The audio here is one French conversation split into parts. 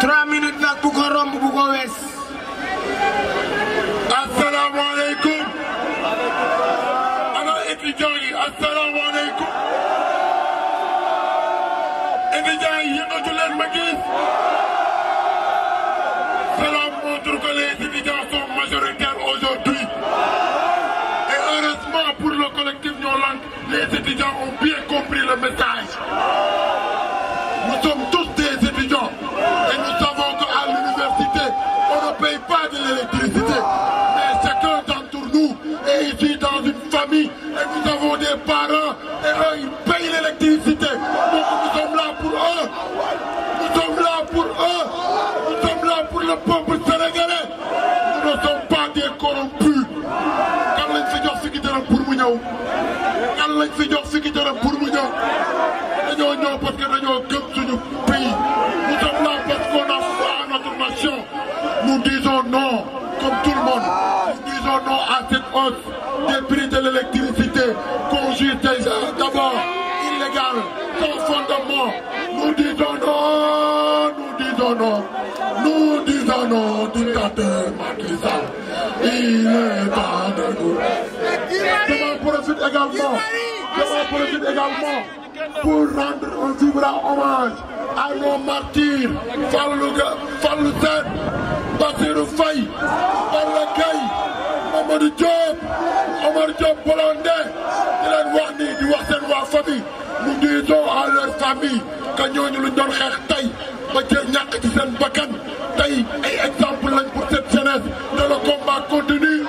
trois minutes nag bu ko pour bu ko Assalamu alaikum. ana étudiants Et asalaamaaleykum. étudiants y a un cela montre que les étudiants sont majoritaires aujourd'hui. et heureusement pour le collectif Noo les étudiants ont bien compris le message. et nous avons des parents et eux, ils payent l'électricité. nous sommes là pour eux. Nous sommes là pour eux. Nous sommes là pour le peuple sénégalais. Nous ne sommes pas des corrompus. Quand les fi jox dans ki pour mu car Quand lañ fi jox donne pour mu et nous, nous, parce que comme tout suñu pays. Nous sommes là parce qu'on a foi à notre nation. Nous disons non, comme tout le monde. Nous disons non à cette hausse des prix Nous disons non, nous disons non, nous disons non, dictateur Il est pas de nous. Je m'en profite également, également pour rendre un vibrant hommage à nos martyrs, Fallou Bassirou Faye, Mamadou Diop, Omar Diop Blondin di leen wax nii di wax seen waa famille nous disons à leur famille que ñooñu luñ doon xeex tey ba jël ñàkk ci seen bakkan tey ay exemple lañ pour cette jeunesse de le combat continue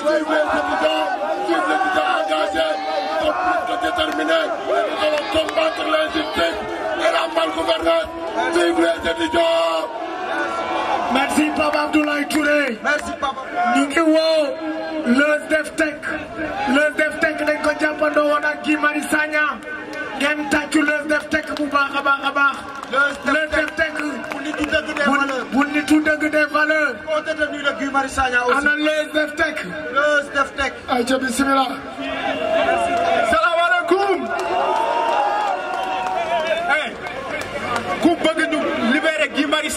suivez les étudiants suivez les étudiants engagés sont plus que déterminés nous allons combattre l'injustice et la malgouvernance suivez les étudiants merci Papa Abdoulaye Deftek le Deftek dañ ko jàppandoo woon ak ku bëgg ñu libéré Guy Marius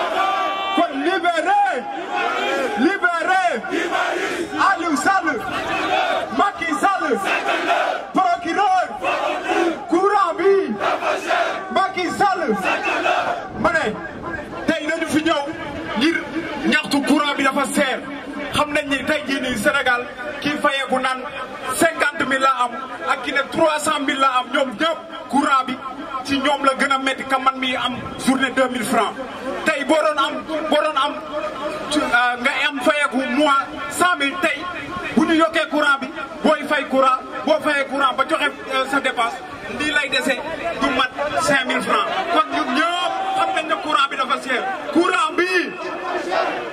dañu fi ñëw ngir ñaxtu courant bi dafa seer xam nañ ni tey jii nii Sénégal kii fayeeku naan cinquante mille la am ak ki ne trois cent mille la am ñoom ñëpp courant bi ci ñoom la gën a métti ka man mi am journée deux mille francs tey boo doon am euh, nga am fayeeku mois cent mille tey bu ñu yokkee courant bi booy fay courant boo fayee courant ba joxe euh, sa dépense lii lay dese du mat cinq mille francs kon ñun Kurabi.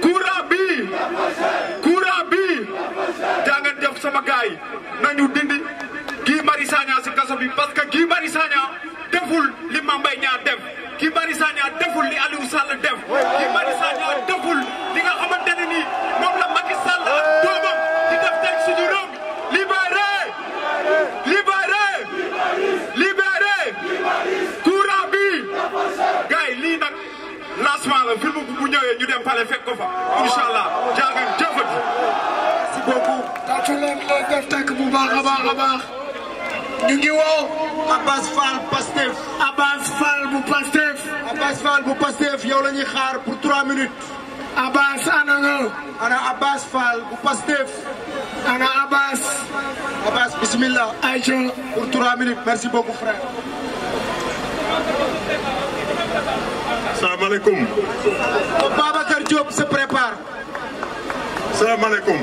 Kurabi. Kurabi. Kurabi. Jangan dia sama gay. Nanyu dindi. Gimari sanya sikka sobi. Paska gimari sanya. Deful lima mbaynya dev. Gimari sanya deful li alu sal dev. Gimari sanya deful. Gimari sanya deful. fa incha allah jaa ngeen jëfati. merci beaucoup. tàccu leen leen def tàkk bu baax a baax a baax. ñu ngi woo. Abbas Fall Pastef. Abbas Fall bu Pastef. Abbas Fall bu Pastef yow la ñuy xaar pour 3 minutes. Abbas ana ana Abbas Fall bu Pastef. ana Abbas. Abbas bismillah. ayca pour 3 minutes merci beaucoup frère. salaamaaleykum. Diop se prépare. salaamaaleykum.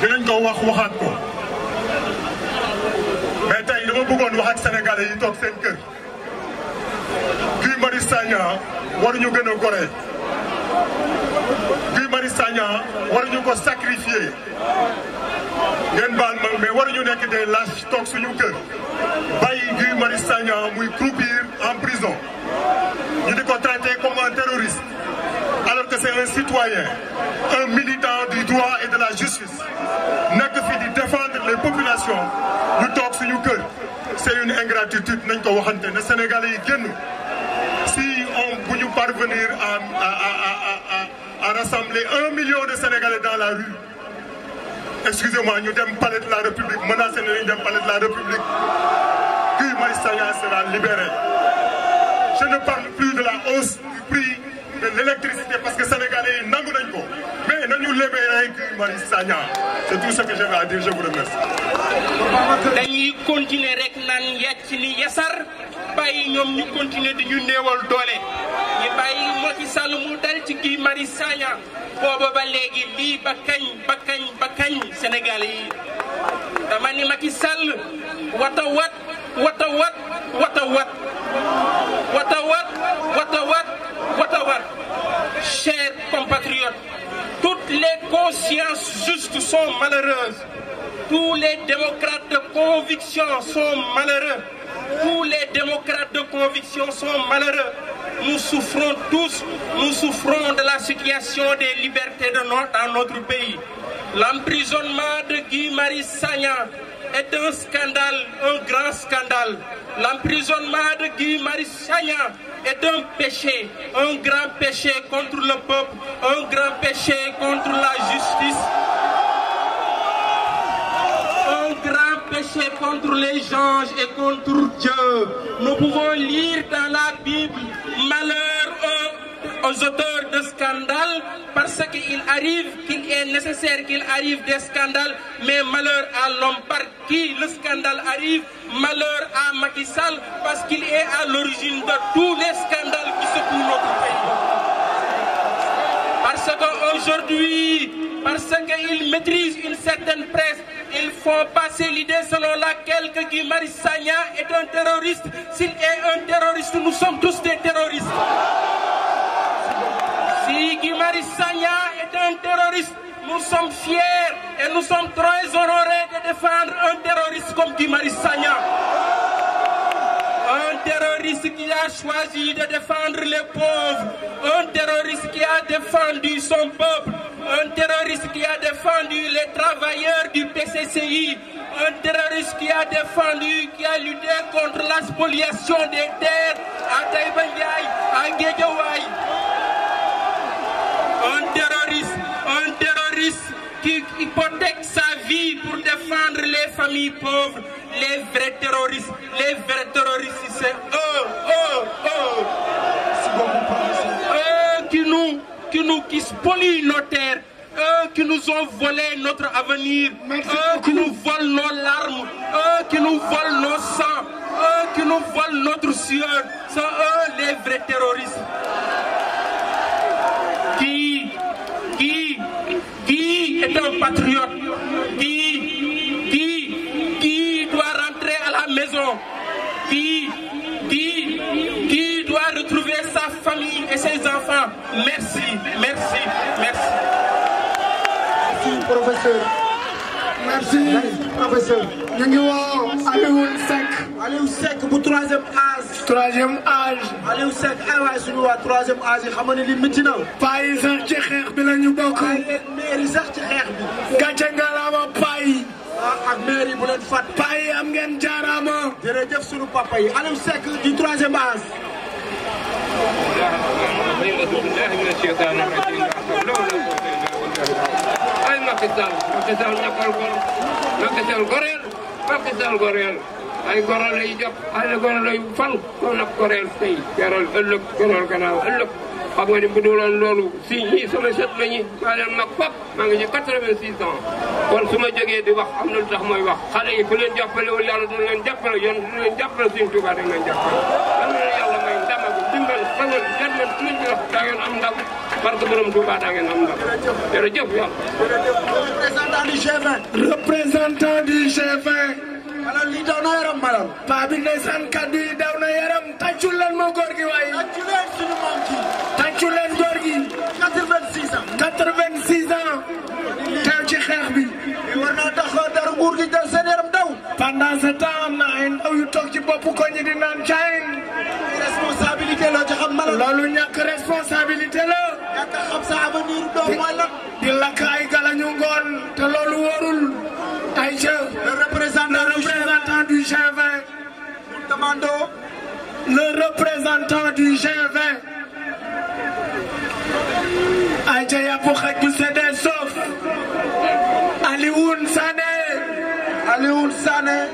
dinañ ko wax waxaat ko. mais tey li ma bëggoon wax ak sénégalais yi toog seen kër. Guy Marius Sagna waruñu gën a gore. Guy Marius Sagna waruñu ko sacrifier. ngeen baal ma mais waruñu nekk des lâches toog suñu kër. Il Marissanya en prison Il est contraté comme un terroriste alors que c'est un citoyen un militant du droit et de la justice que fait de défendre les populations c'est une ingratitude Nous sommes Sénégalais si on pouvait parvenir à à rassembler un million de Sénégalais dans la rue excusez-moi nous dem palais de la république menacé nañu dem palais de la république Guy Marius sera libéré je ne parle plus de la hausse du prix de l'électricité parce que sénégalais n'est pas nañ ko mais nañu libéré Guy Marius c'est tout ce que j'avais à dire je vous remercie Nous continuer rek Nan yàcc ni nous continuons ñoom ñu continuer di ñu bàyyi Macky Sall mu dal ci Guy Mari Sagna booba ba léegi lii ba kañ ba kañ ba kañ Sénégal yi dama ni Macky Sall wata wat wata wat wata wat wata wat wata wat wata wat chers compatriotes toutes les consciences justes sont malheureuses tous les démocrates de conviction sont malheureux tous les démocrates de conviction sont malheureux. Nous souffrons tous, nous souffrons de la situation des libertés de notre, dans notre pays. L'emprisonnement de Guy-Marie Sagna est un scandale, un grand scandale. L'emprisonnement de Guy-Marie Sagna est un péché, un grand péché contre le peuple, un grand péché contre la justice. péché contre les anges et contre Dieu. Nous pouvons lire dans la Bible malheur aux, auteurs de scandales parce qu'il arrive, qu'il est nécessaire qu'il arrive des scandales, mais malheur à l'homme par qui le scandale arrive, malheur à Macky Sall parce qu'il est à l'origine de tous les scandales qui secouent notre pays. Parce qu'aujourd'hui, parce qu'il maîtrise une certaine presse, passer l'idée selon laquelle que Guy Sagna est un terroriste. S'il est un terroriste, nous sommes tous des terroristes. Si Guy Sagna est un terroriste, nous sommes fiers et nous sommes très honorés de défendre un terroriste comme Guy Sagna. Un terroriste qui a choisi de défendre les pauvres, un terroriste qui a défendu son peuple, un terroriste qui a défendu les travailleurs du PCCI, un terroriste qui a défendu, qui a lutté contre la spoliation des terres à Taïbangaï, à Guédiawaï. Un terroriste, un terroriste qui hypothèque sa vie pour défendre les familles pauvres, les vrais terroristes, les vrais terroristes, c'est eux, eux, eux, eux qui nous qui, nous, qui spolient nos terres, eux qui nous ont volé notre avenir, eux qui nous volent nos larmes, eux qui nous volent nos sangs, eux qui nous volent notre sueur, sont eux les vrais terroristes. Qui, qui, qui est un patriote qui, qui, qui doit rentrer à la maison, qui femmes. Merci, merci, merci. Merci, professeur. Merci, professeur. ñu ngi woo Aliou Seck. Aliou Seck bu troisième âge. troisième âge. Aliou Seck ay waay suñu waa troisième âge yi xam nga ne li métti na. paa yi sax ci xeex bi la ñu je paa yeeg maire yi sax ci xeex bi. gàcce ak maire yi bu leen fàtte. paa am ngeen jaaraama. jërëjëf suñu papa yi Aliou Seck du troisième âge. بالله من الشيطان الرجيم لا حول ولا قوة إلا بالله أي مكتال مكتال نقل قرر مكتال قرر مكتال قرر أي قرر لي جب أي قرر لي فل كونك قرر في قرر ألك قرر كناو ألك xam nga ni bu doon loolu si ñii sama set la ñi maa leen mag fop maa ngi ci 86 ans kon su ma jógee di wax am na lu tax mooy wax xale yi ku leen jàppale wala yàlla du leen jàppale yoon du leen jàppale suñ tubaab dañ leen jàppale sagal sagal jar na tuuti ñu def daa ngeen am ndam parce que borom Touba daa ngeen am ndam jërëjëf yow. représentant du G20. représentant du G20. alors lii daw na yaram malam. paa bi ndeysaan kaddu yi daw na yaram tàccu leen ma góor gi waaye. tàccu leen suñu maam kii. tàccu leen góor gi. 86 ans. 86 ans. teew ci xeex bi. war naa tax dara nguur gi jël seen yaram daw. pendant ce temps am na ay ndaw yu toog ci bopp koñ di naan caay. responsabilité la xam la. loolu responsabilité la. ñak a xam sa avenir do mo la. di lakk ay galañu ngon te lolu worul tay je. le représentant le représentant du G20. le représentant du G20. ay ca pour xaj bu seddee sauf Alioune Sané. Alioune sane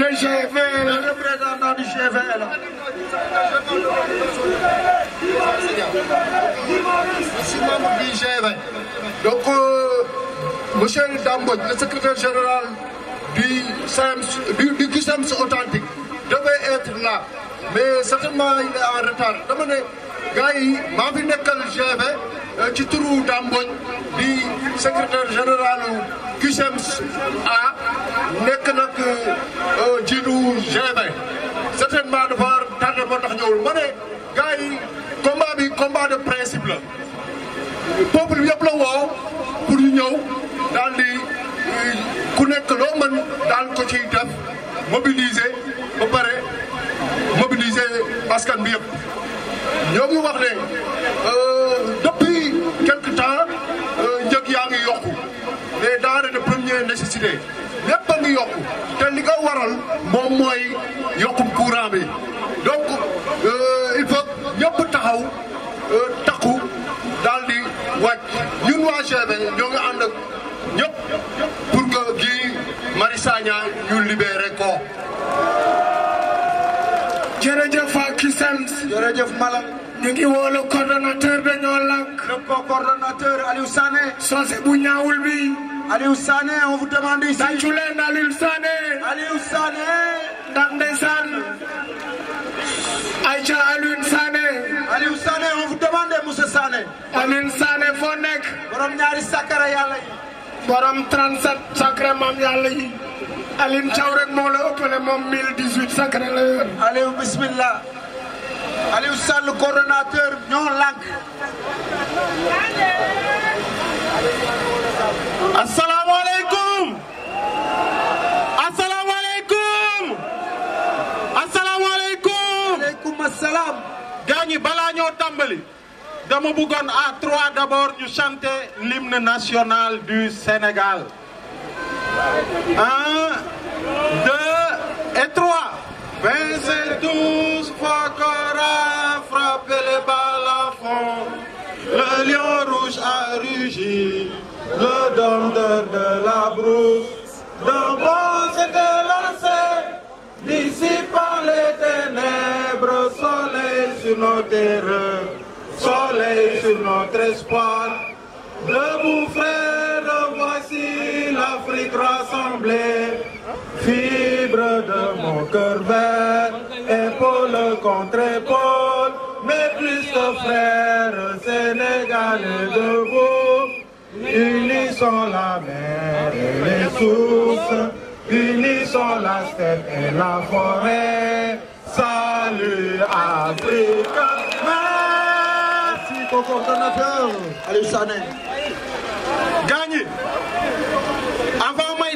le GFL, le représentant du GFL. Donc, euh, monsieur Dambod, le secrétaire général du, SAMS, du, du QSAMS authentique, devait être là. Mais certainement, il est en retard. Demandez gars yi maa fi nekkal GV euh, ci turu Damboj di secrétaire général CUSEMS A nekk nag euh, euh, jiitu GV certainement dafa tardé moo tax ñëwul ma ne gars yi combat bi combat de principe la peuple yëpp la woo pour ñu ñëw daal di ku nekk loo daal ko ciy def mobiliser ba pare mobiliser askan bi yëpp ñoom ñu wax ne euh, depuis quelque temps euh, njëg yaa ngi yokku les denrées de première nécessité lépp a ngi yokku te li nga waral moom mooy yokkum courant bi donc euh, il faut ñëpp taxaw takku daal di wàcc ñun waa ñoo ngi ànd ak ñëpp pour que Guy ñu libéré ko. sant. jërëjëf Malang. ñu ngi woolu coordonnateur dañoo lank. le coordonnateur Aliou Sané. soose bu ñaawul bi. Aliou Sané on vous demande ici. tàccu leen Aliou Sané. Aliou Sané. ndax foo nekk. borom ñaari sakara yàlla yi. borom 37 sakara maam yàlla yi. Aliou Thiaw rek moo la ëppale moom 1018 sakara la yor. Allez Aliou le coordonnateur Nyon Lang. assalamu alaikum assalamu alaikum Assalamu alaikum. Alaikum assalam. Gagne dans dama bougon a 3 d'abord Nous chanter l'hymne national du Sénégal un deux et trois Vingt tous, fois qu'aura frappé à fond, le lion rouge a rugi, le donneur de la brousse, d'un bon s'était lancé, dissipant les ténèbres, soleil sur nos terres, soleil sur notre espoir. Debout frères, voici l'Afrique rassemblée. Libre de mon cœur vert, épaule contre épaule, Mes plus frères sénégalais debout, unissons la mer et les sources, unissons la terre et la forêt. Salut Afrique! Merci, coordonnateur! Allez, chanel, Gagné! Avant, moi,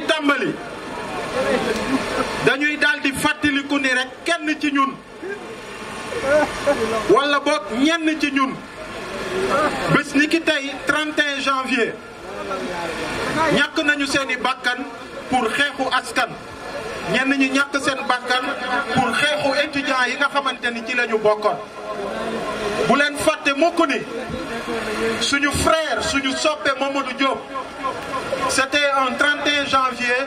dañuy daldi di ni rek kenn ci ñun wala nous ñenn ci ñun ni ki 31 janvier ñak nañu seeni bàkkan pour xeexu askan ñenn ñi seen pour xeexu étudiants yi nga xamanteni ci lañu ñu bu len fàtte mukk ni suñu frère suñu soppé Mamadou Diop c'était en 31 janvier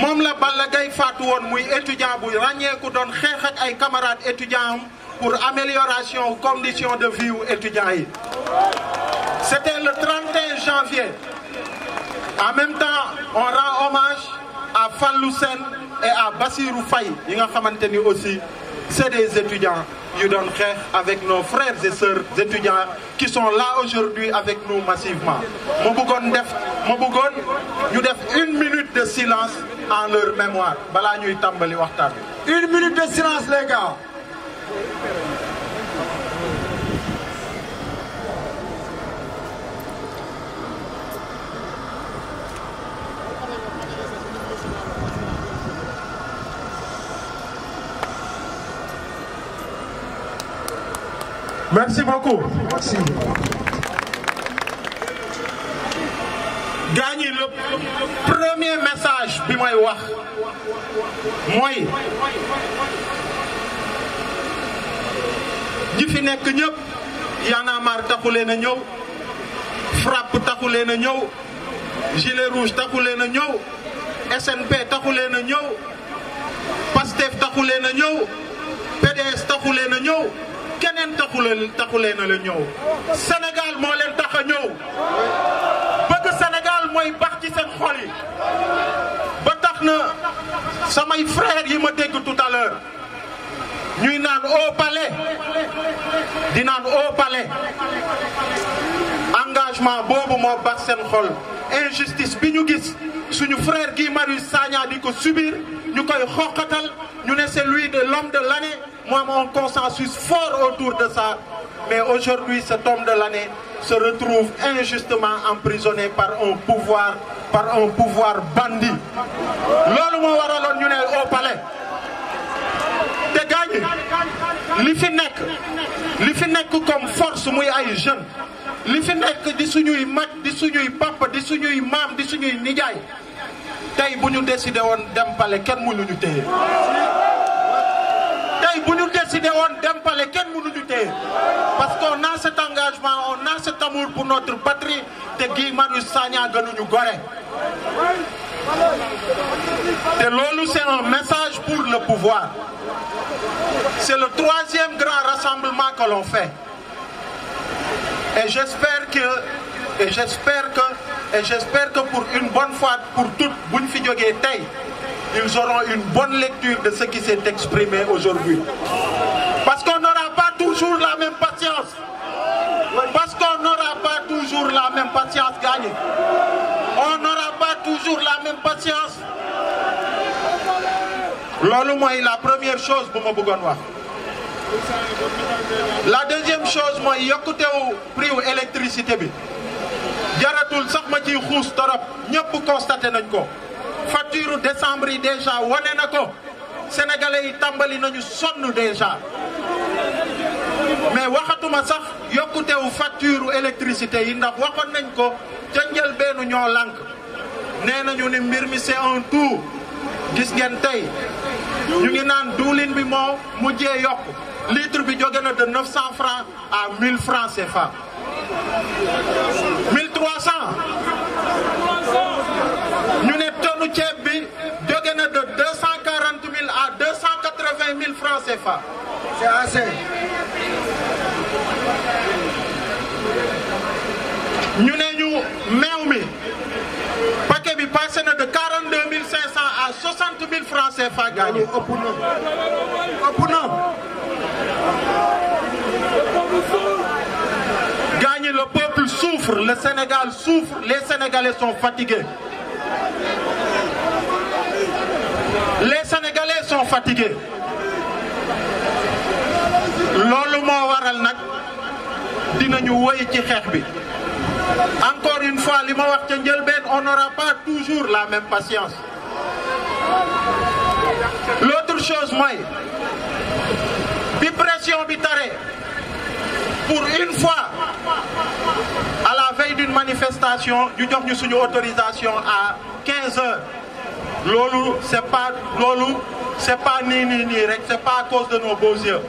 moom la Balla Gaye faatu woon muy étudiant bu ko don ak ay camarades étudiants pour amélioration conditions de vie des étudiants C'était le 31 janvier. En même temps, on rend hommage à Fallou Sen et à Bassirou Faye yi nga xamanteni aussi c'est des étudiants avec nos frères et sœurs étudiants qui sont là aujourd'hui avec nous massivement. ma bëggoon def ma ñu une minute de silence. en leur mémoire bala ñuy tambali waxtan une minute de silence les gars Merci beaucoup. Merci. moy ñi fi nekk ñëpp Y'en a taxu leen a ñëw FRAPP taxu leen a ñëw gilet rouge taxu leen a ñëw SNP taxu leen a ñëw PASTEF taxu leen a ñëw PDS taxu leen a ñëw keneen taxu leen taxu leen a la ñëw Sénégal moo leen tax a ñëw frère yi ma que tout à l'heure nous sommes au palais nous sommes au palais engagement bon mo baax seen injustice bi ñu gis suñu frère Guy Marius Sagna di subir nous koy xoqatal ñu nous sommes celui de l'homme de l'année moi, mon consensus fort autour de ça mais aujourd'hui cet homme de l'année se retrouve injustement emprisonné par un pouvoir par un pouvoir bandit loolu mo ñu au palais Té li fi nek li fi comme force muy ay jeunes li fi nek di suñuy mag di suñuy papa di suñuy mam, di suñuy nijaay Tay buñu dem palais kenn ñu décidé n'aime pas lesquels nous parce qu'on a cet engagement on a cet amour pour notre patrie de c'est un message pour le pouvoir c'est le troisième grand rassemblement que l'on fait et j'espère que et j'espère que et j'espère que pour une bonne fois pour toutes bonne fi de ils auront une bonne lecture de ce qui s'est exprimé aujourd'hui. Parce qu'on n'aura pas toujours la même patience. Parce qu'on n'aura pas toujours la même patience gagnée. On n'aura pas toujours la même patience. nous est la première chose pour moi, la deuxième chose coûté au prix wu électricité bi jaratul sax ma ciy xuus constaté nañ ko posture décembre yi déjà wane na ko sénégalais yi tàmbali nañu sonn déjà mais waxatuma sax yokkutewu facture électricité yi ndax waxoon nañ ko ca njëlbeenu ñoo lànk nee nañu ni mbir mi c'est un gis ngeen tey ñu ngi naan duulin bi moo mujjee yokk litre bi jóge na de 900 francs à 1000 francs CFA 1300 Nous ceeb bi de 240 000 à 280 000 francs CFA. c'est assez. Nous ne ñu de 42 500 à 60 000 francs CFA Gagné. ëpp le peuple souffre le Sénégal souffre les Sénégalais sont fatigués. les sénégalais sont fatigués encore une fois on n'aura pas toujours la même patience l'autre chose moi, pression pour une fois à la veille d'une manifestation nous avons une autorisation à 15 heures Lolou, c'est pas c'est pas ni ni ni c'est pas à cause de nos beaux yeux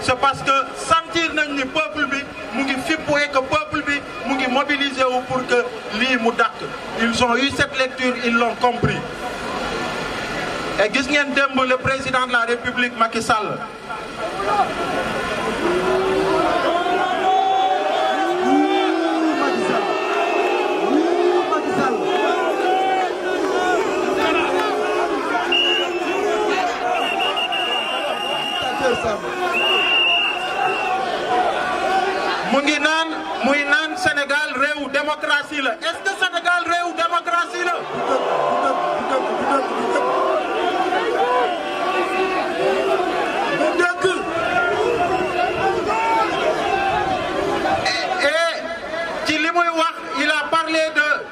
c'est parce que sentir le peuple bi mu ngi que peuple bi mobilisé pour que l'île soit ils ont eu cette lecture ils l'ont compris et gis Dembo, le président de la république Macky Sall mu ngi naan muy naan Sénégal réewu démocratie la est-ce que Sénégal réewu démocratie la.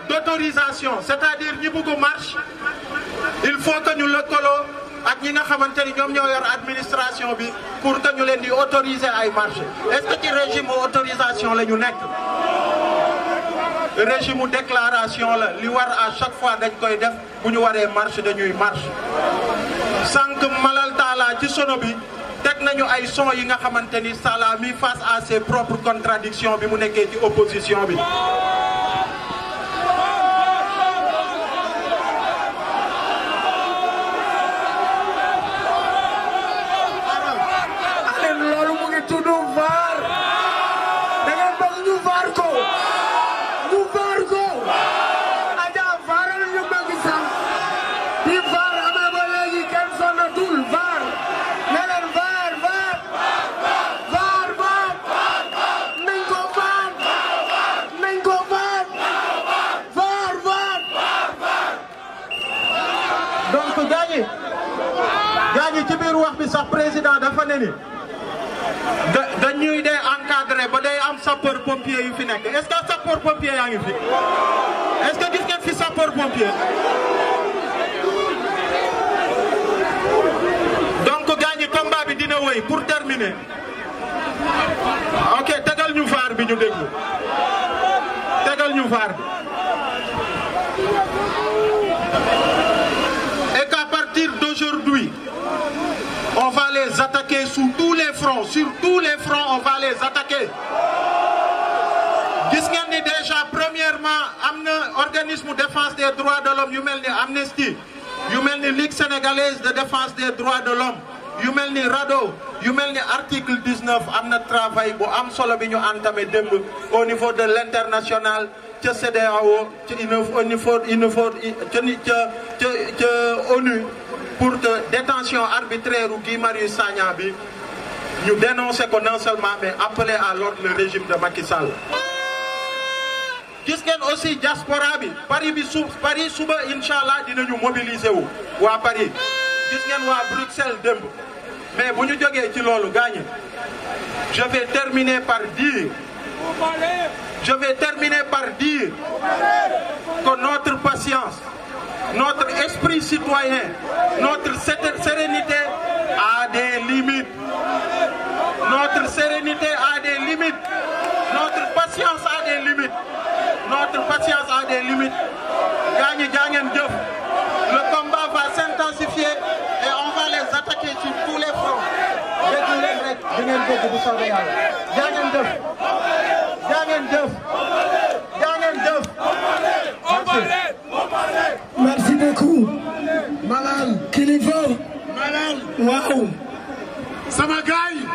d'autorisation, c'est-à-dire nous marche, il faut que nous le nous avons nga administration pour que ñu les autoriser à marcher. est-ce que le régime autorisation la ñu Le régime déclaration la li war à chaque fois que nous def bu ñu marche dañuy marche malheur malal taala ci sono bi teg nañu ay son yi face à ses propres contradictions bi mu nekkee ci ne ni da dañuy dee encadré ba day am sapeur pompier yu fi nek est-ce que sapeur pompier yaa ngi fi est-ce que gis ngeen fi sapeur pompier. donc gars combat bi dina wëy pour terminer ok tegal ñu vaar bi ñu déglu tegal ñu vaar bi. et qu'à partir d'aujourd'hui attaquer sous tous les fronts. Sur tous les fronts, on va les attaquer. gis déjà premièrement un organisme défense des droits de l'homme yu Amnesty yu Ligue sénégalaise de défense des droits de l'homme yu mène ni yu article 19 à notre travail pour am solo au niveau de l'international au niveau de niveau pour que détention arbitraire ou Guy Sanyabi, nous bi ñu non seulement mais appeler à l'ordre le régime de Macky Sall. gis ngeen aussi diaspora Paris bi Paris, Paris suba incha nous mobiliser wu à Paris gis ngeen à Bruxelles Demb. mais vous nous dites ci nous gaañe je vais terminer par dire. Je vais terminer par dire que notre patience notre esprit citoyen, notre sérénité a des limites. Notre sérénité a des limites. Notre patience a des limites. Notre patience a des limites. Gagne, gagne, gagne. Le combat va s'intensifier et on va les attaquer sur tous les fronts. Gagne, Gagne, Gagne, merci beaucoup. Malal. kilifa. Malal. waaw. sama gars yi.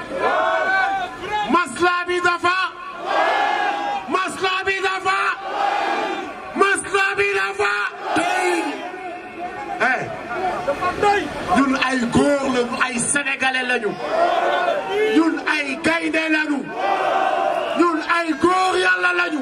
dafa. masla dafa. tey. Eh. ñun ay góor lañu ay sénégalais lañu. ñun ay gaynde lañu. ñun ay góor yàlla lañu.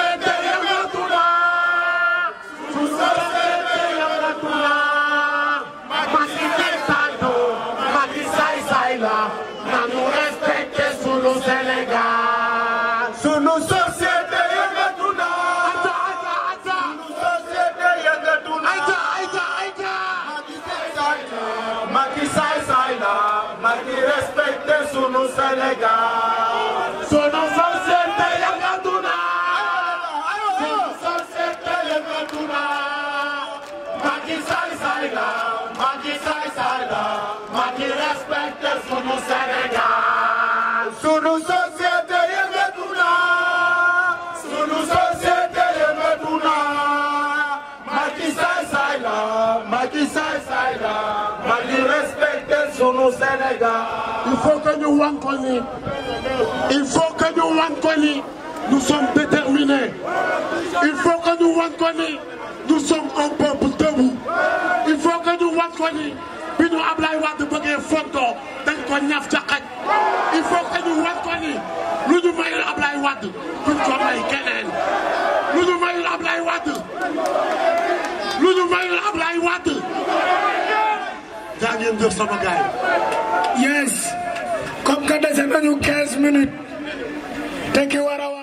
sociétés Sénégal sunu nos sociétés e na sunu société e ma qui Macky là, ma la Macky là, ma qui respecte sur nos Sénégal il faut que nous wan il faut que nous wan nous sommes déterminés il faut que nous wan nous sommes un peuple debout il faut que nous wan Ablaye Wade bëggee fontoo dañ ko ñaf ca xaj il faut que ñu ko ni lu ñu mayul Ablaye Wade duñ ko may keneen lu ñu mayul Ablaye Wade lu ñu mayul Ablaye Wade sama gaay yes comme que 15 minutes te ki Wara.